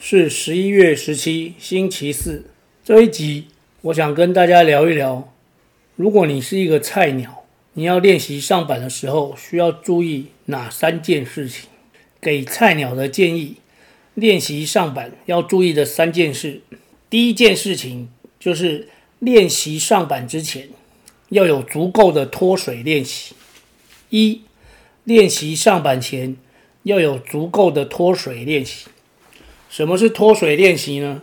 是十一月十七星期四這一集，我想跟大家聊一聊，如果你是一個菜鳥，你要練習上板的時候需要注意哪三件事情，給菜鳥的建議，練習上板要注意的三件事。第一件事情就是練習上板之前要有足夠的拖水練習。一，練習上板前要有足夠的拖水練習。什麼是拖水練習呢？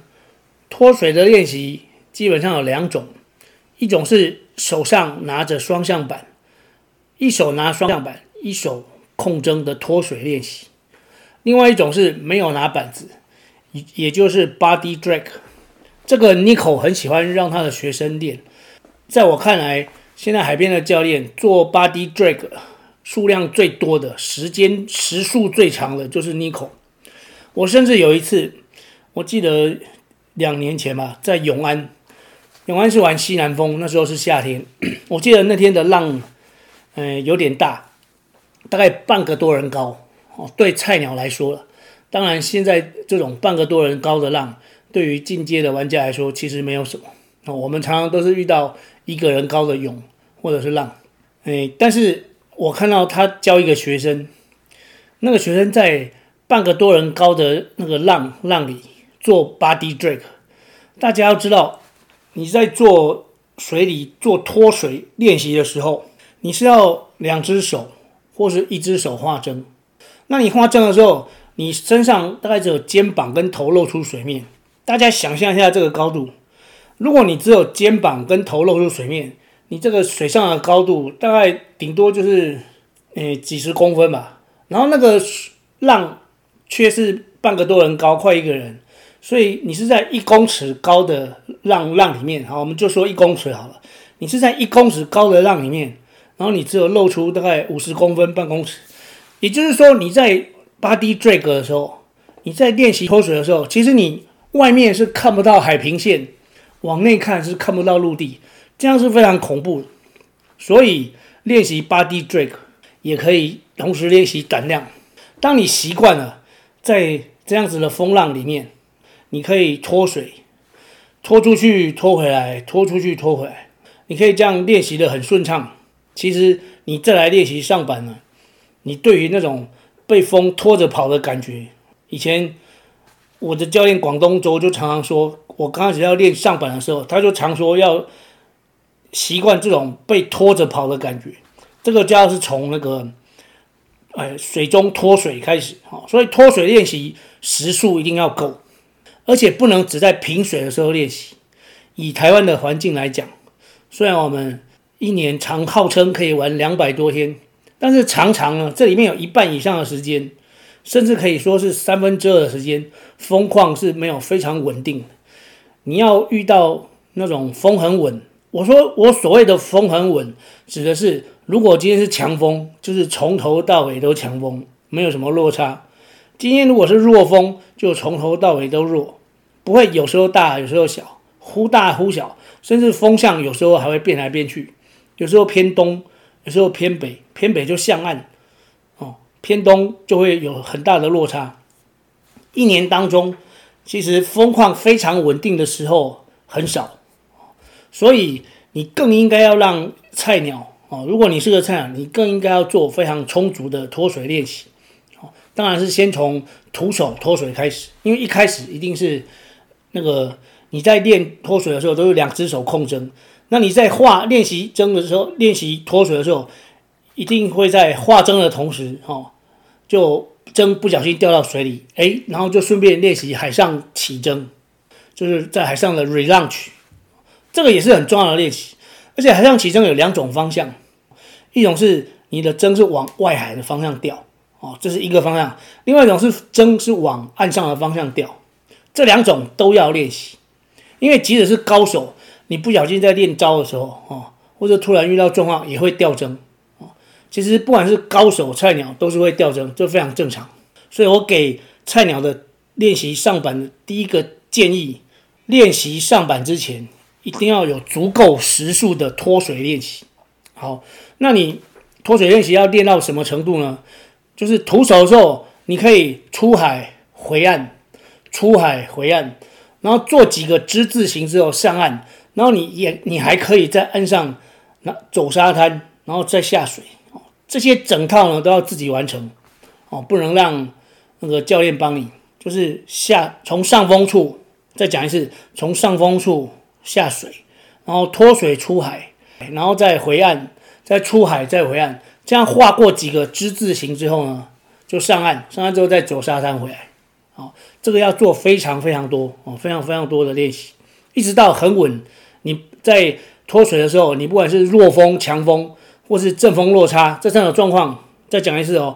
拖水的練習基本上有兩種，一種是手上拿着雙向板，一手拿雙向板，一手控箏的拖水練習；另外一種是沒有拿板子，也也就是 body drag。這個 Nico 很喜歡讓他的學生練。在我看來，現在海邊的教練做 body drag 數量最多的、的時間時數最長的就是 Nico。我甚至有一次，我記得兩年前吧，在永安，永安是玩西南風，那時候是夏天。我記得那天的浪，嗯，哎，有點大，大概半個多人高哦。對菜鳥來說了，當然現在這種半個多人高的浪，對於進階的玩家來說其實沒有什麼。哦，我們常常都是遇到一個人高的湧或者是浪，哎，但是我看到他教一個學生，那個學生在。半個多人高的那個浪浪裡做 body drag 大家要知道，你在做水裡做拖水練習的時候，你是要兩隻手或是一隻手劃箏。那你劃箏的時候，你身上大概只有肩膀跟頭露出水面。大家想象一下這個高度，如果你只有肩膀跟頭露出水面，你這個水上的高度大概頂多就是，呃，幾十公分吧。然後那個浪。卻是半個多人高，快一個人，所以你是在一公尺高的浪浪裡面，好，我們就說一公尺好了。你是在一公尺高的浪裡面，然後你只有露出大概五十公分半公尺，也就是說你在八 D d r a e 的時候，你在練習脫水的時候，其實你外面是看不到海平線，往內看是看不到陸地，這樣是非常恐怖的。所以練習八 D d r a e 也可以同時練習膽量。當你習慣了。在這樣子的風浪裡面，你可以拖水，拖出去，拖回來，拖出去，拖回來，你可以這樣練習的很順暢。其實你再來練習上板呢，你對於那種被風拖着跑的感覺，以前我的教練廣東周就常常說，我剛開始要練上板的時候，他就常說要習慣這種被拖着跑的感覺。這個叫是從那個。哎，水中拖水開始，好，所以拖水練習時數一定要夠，而且不能只在平水的時候練習。以台灣的環境來講，雖然我們一年常號稱可以玩兩百多天，但是常常呢，這裡面有一半以上的時間，甚至可以說是三分之二的時間，風況是沒有非常穩定的。你要遇到那種風很穩，我說我所謂的風很穩，指的是。如果今天是強風，就是從頭到尾都強風，沒有什麼落差。今天如果是弱風，就從頭到尾都弱，不會有時候大，有時候小，忽大忽小，甚至風向有時候還會變來變去，有時候偏東，有時候偏北，偏北就向岸，哦，偏東就會有很大的落差。一年當中，其實風況非常穩定的時候很少，所以你更應該要讓菜鳥。哦、如果你是個菜鳥，你更應該要做非常充足的拖水練習。哦，當然是先從徒手拖水開始，因為一開始一定是那個你在練拖水的時候都是兩只手控箏。那你在劃練習箏的時候，練習拖水的時候，一定會在劃箏的同時，哦，就箏不小心掉到水裡，哎、欸，然後就順便練習海上起箏，就是在海上的 re-launch，這個也是很重要的練習。而且海上起箏有兩種方向。一種是你的箏是往外海的方向掉，哦，這是一個方向，另外一種是箏是往岸上的方向掉，這兩種都要練習。因為即使是高手，你不小心在練招的時候，哦，或者突然遇到狀況也會掉箏，哦，其實不管是高手、菜鳥都是會掉箏，這非常正常。所以我給菜鳥的練習上板的第一個建議，練習上板之前，一定要有足夠時數的拖水練習。好，那你拖水練習要練到什麼程度呢？就是徒手的時候，你可以出海回岸，出海回岸，然後做幾個之字形之後上岸，然後你也你還可以在岸上那走沙灘，然後再下水哦。這些整套呢都要自己完成哦，不能讓那個教練幫你。就是下從上風處再講一次，從上風處下水，然後拖水出海。然後再回岸，再出海，再回岸，這樣劃過幾個之字形之後呢，就上岸，上岸之後再走沙灘回來。好，哦，這個要做非常非常多哦，非常非常多的練習，一直到很穩。你在拖水的時候，你不管是弱風、強風，或是陣風落差，這三種狀況，再講一次哦。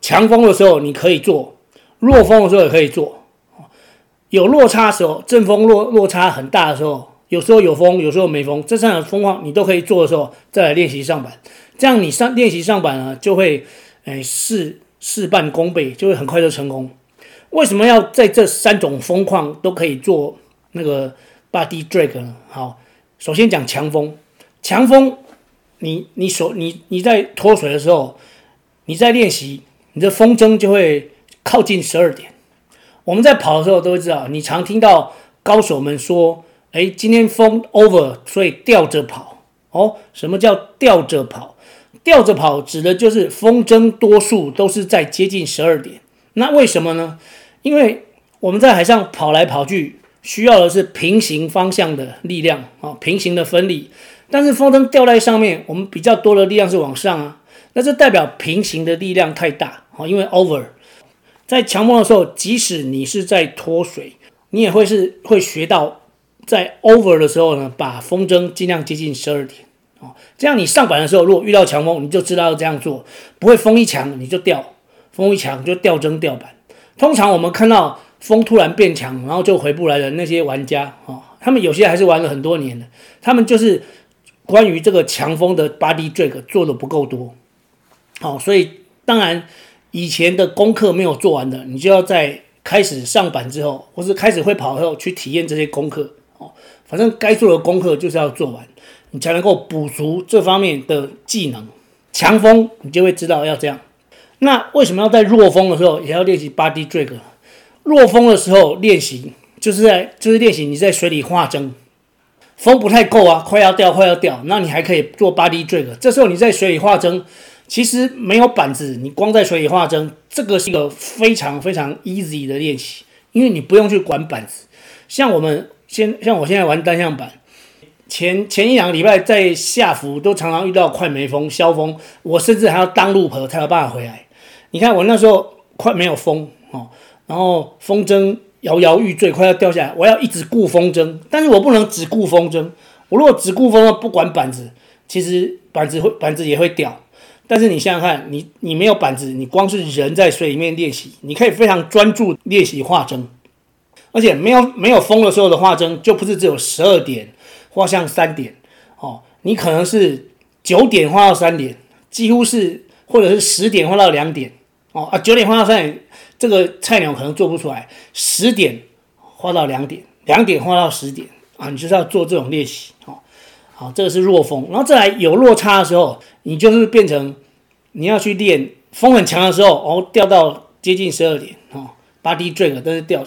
強風的時候你可以做，弱風的時候也可以做。有落差的時候，陣風落落差很大的時候。有時候有風，有時候沒風，這三種風況你都可以做的時候，再來練習上板，這樣你上練習上板呢，啊，就會，哎，事事半功倍，就會很快就成功。為什麼要在這三種風況都可以做那個 body drag 呢？好，首先講強風，強風，你你手，你你在脫水的時候，你在練習你的風箏就會靠近十二點。我們在跑的時候都會知道，你常聽到高手們說。誒，今天風 over，所以吊着跑哦。什麼叫吊着跑？吊着跑指的就是風箏多數都是在接近十二點。那為什麼呢？因為我們在海上跑來跑去，需要的是平行方向的力量啊，平行的分力。但是風箏吊在上面，我們比較多的力量是往上啊。那這代表平行的力量太大啊，因為 over，在強風的時候，即使你是在拖水，你也會是會學到。在 over 的時候呢，把風箏盡量接近十二點，哦，這樣你上板的時候，如果遇到強風，你就知道要這樣做，不會風一強你就掉，風一強就掉箏掉板。通常我們看到風突然變強，然後就回不來的那些玩家，哦，他們有些還是玩了很多年的，他們就是關於這個強風的 body drag 做的不夠多，好，所以當然以前的功課沒有做完的，你就要在開始上板之後，或是開始會跑後去體驗這些功課。反正該做的功課就是要做完，你才能夠補足這方面的技能。強風你就會知道要這樣。那為什麼要在弱風的時候也要練習 body drag？弱風的時候練習，就是在就是練習你在水裡劃箏。風不太夠啊，快要掉，快要掉，那你還可以做 body drag。這時候你在水裡劃箏，其實沒有板子，你光在水裡劃箏，這個是一個非常非常 easy 的練習，因為你不用去管板子。像我們。先像我現在玩單向板，前前一兩個禮拜在下浮都常常遇到快沒風，消風，我甚至還要當路婆才有辦法回來。你看我那時候快沒有風哦，然後風箏搖搖欲墜，快要掉下來，我要一直顧風箏，但是我不能只顧風箏。我如果只顧風箏不管板子，其實板子會板子也會掉。但是你想想看，你你沒有板子，你光是人在水裡面練習，你可以非常專注練習劃箏。而且沒有沒有風的時候的劃箏就不是只有十二點畫向三點哦，你可能是九點畫到三點，幾乎是或者是十點畫到兩點哦啊，九點畫到三點這個菜鳥可能做不出來，十點畫到兩點，兩點畫到十點啊，你就是要做這種練習哦。好，這個是弱風，然後再來有落差的時候，你就是變成你要去練風很強的時候，哦，掉到接近十二點哦，body drag 都是掉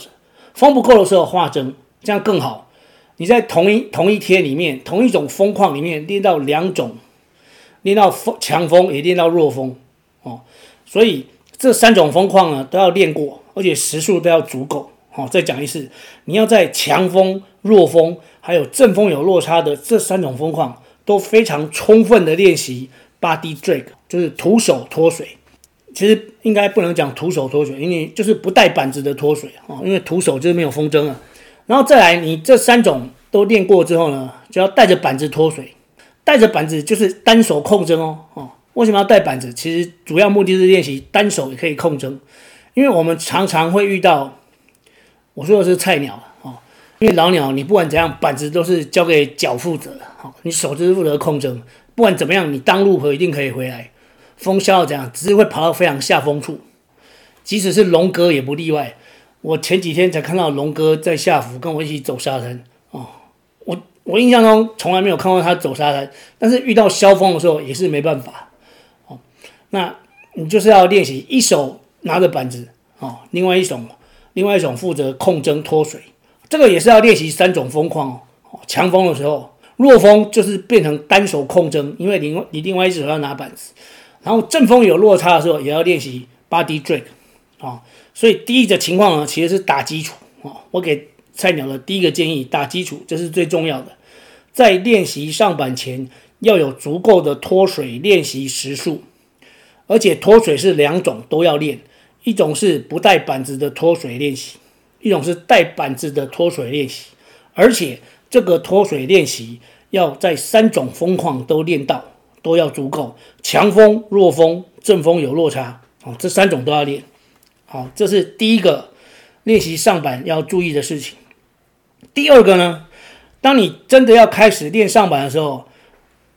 風不夠的時候劃箏，這樣更好。你在同一同一天裡面，同一種風況裡面練到兩種，練到風強風也練到弱風，哦，所以這三種風況呢都要練過，而且時數都要足夠。好，哦，再講一次，你要在強風、弱風還有陣風有落差的這三種風況都非常充分的練習 body drag，就是徒手拖水。其實應該不能講徒手拖水，因為就是不帶板子的拖水啊，因為徒手就是沒有風箏啊。然後再來，你這三種都練過之後呢，就要帶着板子拖水，帶着板子就是單手控箏哦。哦，為什麼要帶板子？其實主要目的是練習單手也可以控箏，因為我們常常會遇到，我說的是菜鳥啊，因為老鳥你不管怎樣，板子都是交給腳負責，好，你手只是負責控箏，不管怎麼樣，你當路何一定可以回來。風小怎樣，只是會跑到非常下風處，即使是龍哥也不例外。我前幾天才看到龍哥在下浮，跟我一起走沙灘哦。我我印象中從來沒有看到他走沙灘，但是遇到消風的時候也是沒辦法哦。那你就是要練習一手拿着板子哦，另外一手，另外一手負責控箏拖水，這個也是要練習三種風況哦。強風的時候，弱風就是變成單手控箏，因為你你另外一只手要拿板子。然後陣風有落差的時候，也要練習 body drag，啊、哦，所以第一個情況呢，其實是打基礎啊、哦。我給菜鳥的第一個建議，打基礎，這是最重要的。在練習上板前，要有足夠的拖水練習時數，而且拖水是兩種都要練，一種是不帶板子的拖水練習，一種是帶板子的拖水練習，而且這個拖水練習要在三種風況都練到。都要足夠，強風、弱風、正風有落差，好，這三種都要練。好，這是第一個練習上板要注意的事情。第二個呢，當你真的要開始練上板的時候，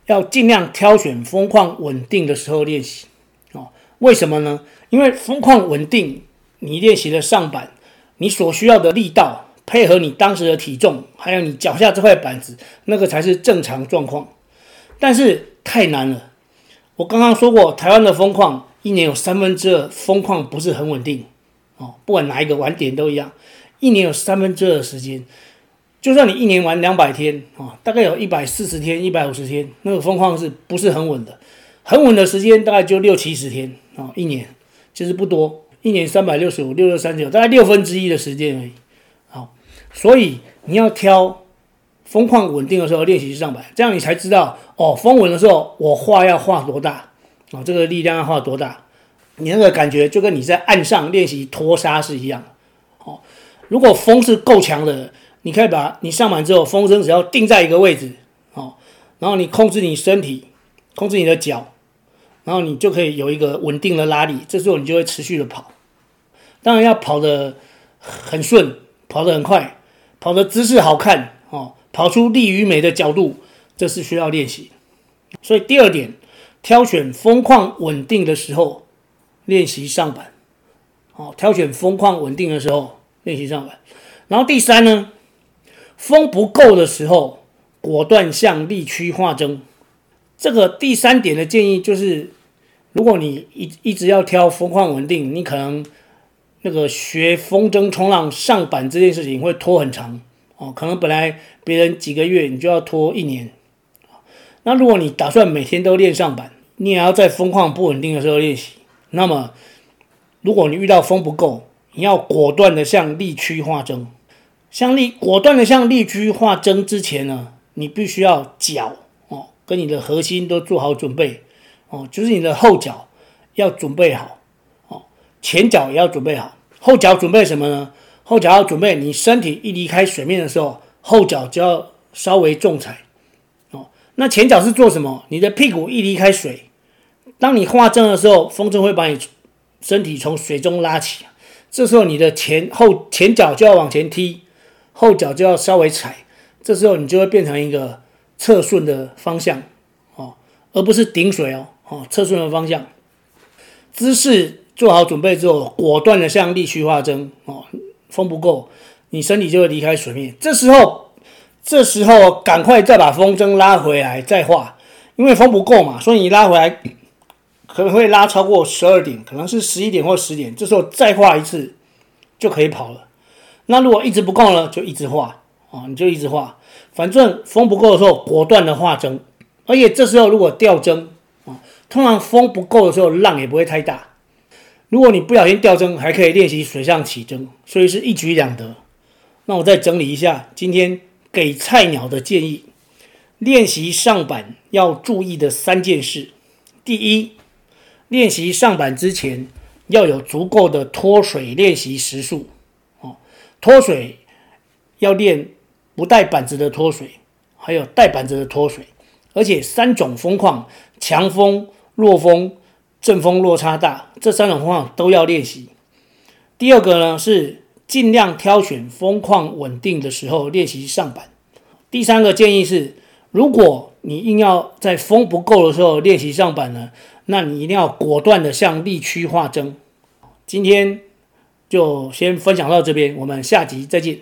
要盡量挑選風況穩定的時候練習。哦，為什麼呢？因為風況穩定，你練習的上板，你所需要的力道，配合你當時的體重，還有你腳下這塊板子，那個才是正常狀況。但是太難了。我剛剛說過，台灣的風況一年有三分之二風況不是很穩定哦，不管哪一個玩點都一樣。一年有三分之二的時間，就算你一年玩兩百天啊、哦，大概有一百四十天、一百五十天，那個風況是不是很穩的？很穩的時間大概就六七十天啊、哦，一年其實、就是、不多，一年三百六十五，六六三九，大概六分之一的時間而已。好、哦，所以你要挑。風況穩定的時候練習上板，這樣你才知道哦。風穩的時候，我劃要劃多大啊、哦？這個力量要劃多大？你那個感覺就跟你在岸上練習拖沙是一樣的。哦，如果風是夠強的，你可以把你上板之後，風箏只要定在一個位置，哦，然後你控制你身體，控制你的腳，然後你就可以有一個穩定的拉力。這時候你就會持續的跑。當然要跑得很順，跑得很快，跑得姿勢好看哦。跑出力與美的角度，這是需要練習。所以第二點，挑選風況穩定的時候練習上板，好，挑選風況穩定的時候練習上板。然後第三呢，風不夠的時候，果斷向力區劃箏。這個第三點的建議就是，如果你一一直要挑風況穩定，你可能那個學風箏衝浪上板這件事情會拖很長。哦，可能本來別人幾個月，你就要拖一年。那如果你打算每天都練上板，你也要在風況不穩定的時候練習。那麼，如果你遇到風不夠，你要果斷的向力區劃箏。向力，果斷的向力區劃箏之前呢，你必須要腳哦，跟你的核心都做好準備哦，就是你的後腳要準備好哦，前腳也要準備好。後腳準備什麼呢？後腳要準備，你身體一離開水面的時候，後腳就要稍微重踩，哦，那前腳是做什麼？你的屁股一離開水，當你劃箏的時候，風箏會把你身體從水中拉起，這時候你的前後前腳就要往前踢，後腳就要稍微踩，這時候你就會變成一個側順的方向，哦，而不是頂水哦，哦，側順的方向，姿勢做好準備之後，果斷的向力區劃箏，哦。風不夠，你身體就會離開水面。這時候，這時候趕快再把風箏拉回來，再畫，因為風不夠嘛。所以你拉回來，可能會拉超過十二點，可能是十一點或十點。這時候再畫一次就可以跑了。那如果一直不夠呢，就一直畫啊，你就一直畫。反正風不夠的時候，果斷的畫箏。而且這時候如果掉箏啊，通常風不夠的時候，浪也不會太大。如果你不小心掉箏，還可以練習水上起箏，所以是一舉兩得。那我再整理一下今天給菜鳥的建議：練習上板要注意的三件事。第一，練習上板之前要有足夠的拖水練習時數哦，拖水要練不帶板子的拖水，還有帶板子的拖水，而且三種風況：強風、弱風。陣風落差大，這三種風況都要練習。第二個呢，是盡量挑選風況穩定的時候練習上板。第三個建議是，如果你硬要在風不夠的時候練習上板呢，那你一定要果斷地向力區劃箏。今天就先分享到這邊，我們下集再見。